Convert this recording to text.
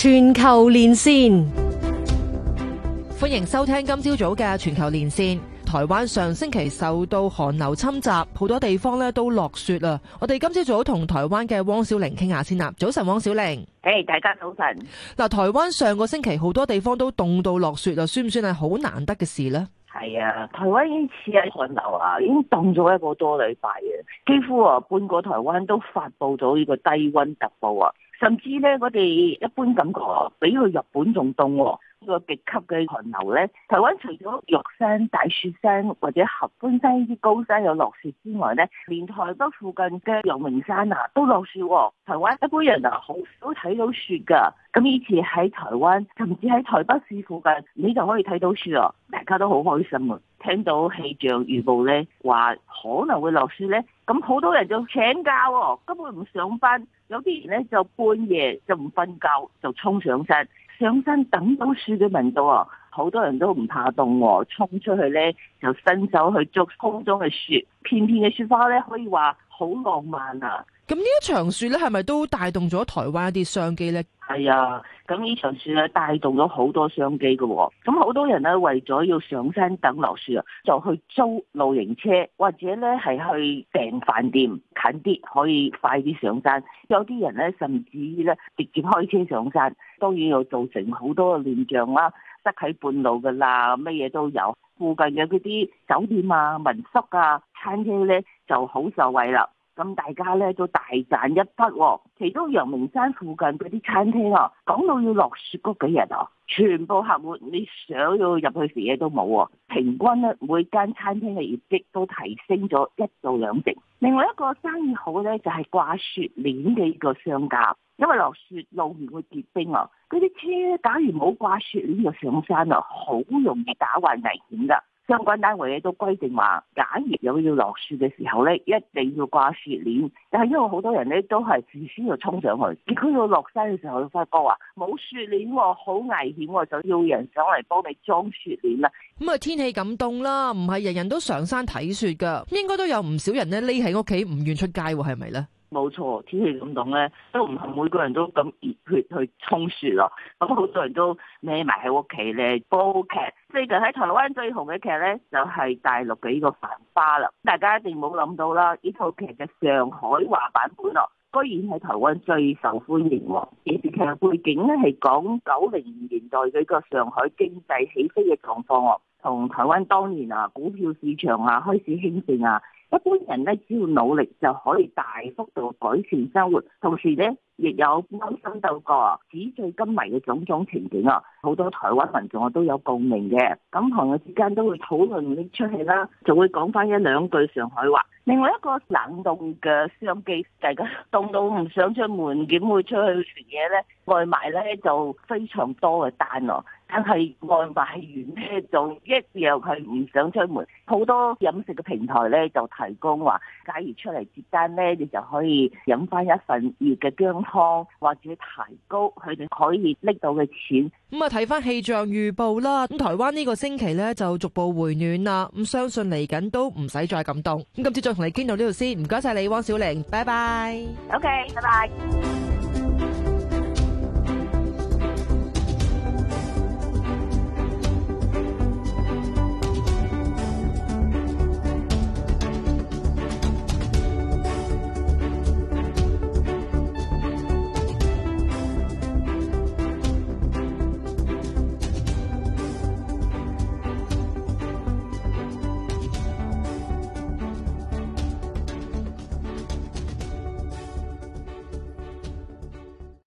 全球連線，歡迎收聽今朝早嘅全球連線。台灣上星期受到寒流侵襲，好多地方咧都落雪啦。我哋今朝早同台灣嘅汪小玲傾下先啦。早晨，汪小玲，誒，hey, 大家早晨。嗱，台灣上個星期好多地方都凍到落雪啊，算唔算係好難得嘅事呢？係啊，台灣呢次啊寒流啊，已經凍咗一個多禮拜啊，幾乎、啊、半個台灣都發布咗呢個低溫特報啊。甚至咧，我哋一般感覺比去日本仲凍喎，呢個極級嘅寒流咧。台灣除咗玉山、大雪山或者合歡山呢啲高山有落雪之外咧，連台北附近嘅陽明山啊都落雪喎。台灣一般人啊好少睇到雪噶，咁以前喺台灣，甚至喺台北市附近，你就可以睇到雪啊，大家都好開心啊！聽到氣象預報呢，話可能會落雪呢，咁好多人就請假，哦，根本唔上班。有啲人呢就半夜就唔瞓覺，就衝上山，上山等到雪嘅聞到，哦。好多人都唔怕凍喎、哦，衝出去呢就伸手去捉空中嘅雪，片片嘅雪花呢，可以話好浪漫啊！咁呢一、哎、場雪呢，係咪都帶動咗台灣啲商機呢？係啊，咁呢場雪呢，帶動咗好多商機嘅喎。咁好多人呢，為咗要上山等落雪啊，就去租露營車或者呢係去訂飯店近啲，可以快啲上山。有啲人呢，甚至於呢直接開車上山，當然又造成好多嘅亂象啦。塞喺半路噶啦，乜嘢都有。附近嘅嗰啲酒店啊、民宿啊、餐廳咧就好受惠啦。咁大家咧都大賺一筆喎、哦，其中陽明山附近嗰啲餐廳啊，講到要落雪嗰幾日啊，全部客戶，你想要入去食嘢都冇喎，平均咧每間餐廳嘅業績都提升咗一到兩成。另外一個生意好咧，就係、是、掛雪鏈嘅一個商家，因為落雪路面會結冰啊，嗰啲車假如冇掛雪鏈就上山啊，好容易打滑危險㗎。相關單位都規定話，假如有要落雪嘅時候咧，一定要掛雪鏈。但係因為好多人咧都係事先要衝上去，結果要落山嘅時候，發波話冇雪鏈，好危險，就要人上嚟幫你裝雪鏈啦。咁啊，天氣咁凍啦，唔係人人都上山睇雪噶，應該都有唔少人咧匿喺屋企，唔願出街喎，係咪咧？冇錯，天氣咁凍咧，都唔係每個人都咁熱血去衝雪咯。咁好多人都匿埋喺屋企咧煲劇，最近喺台灣最紅嘅劇咧，就係大陸嘅呢個繁花啦。大家一定冇諗到啦，呢套劇嘅上海話版本哦，居然喺台灣最受歡迎喎。電視劇嘅背景咧係講九零年代嘅一個上海經濟起飛嘅狀況哦，同台灣當年啊股票市場啊開始興盛啊。一般人呢，只要努力就可以大幅度改善生活，同時呢。亦有勾心鬥角、紙醉金迷嘅種種情景啊！好多台灣民眾我都有共鳴嘅，咁朋友之間都會討論呢出戲啦，就會講翻一兩句上海話。另外一個冷凍嘅商機，大家，凍到唔想出門，點會出去食嘢咧？外賣咧就非常多嘅單囉，但係外賣員咧就一樣係唔想出門。好多飲食嘅平台咧就提供話，假如出嚟接單咧，你就可以飲翻一份熱嘅薑。創或者提高，佢哋可以拎到嘅錢咁啊！睇返氣象預報啦，咁台灣呢個星期咧就逐步回暖啦，咁相信嚟緊都唔使再咁凍。咁今次再同你傾到呢度先，唔該晒你，汪小玲，拜拜。OK，拜拜。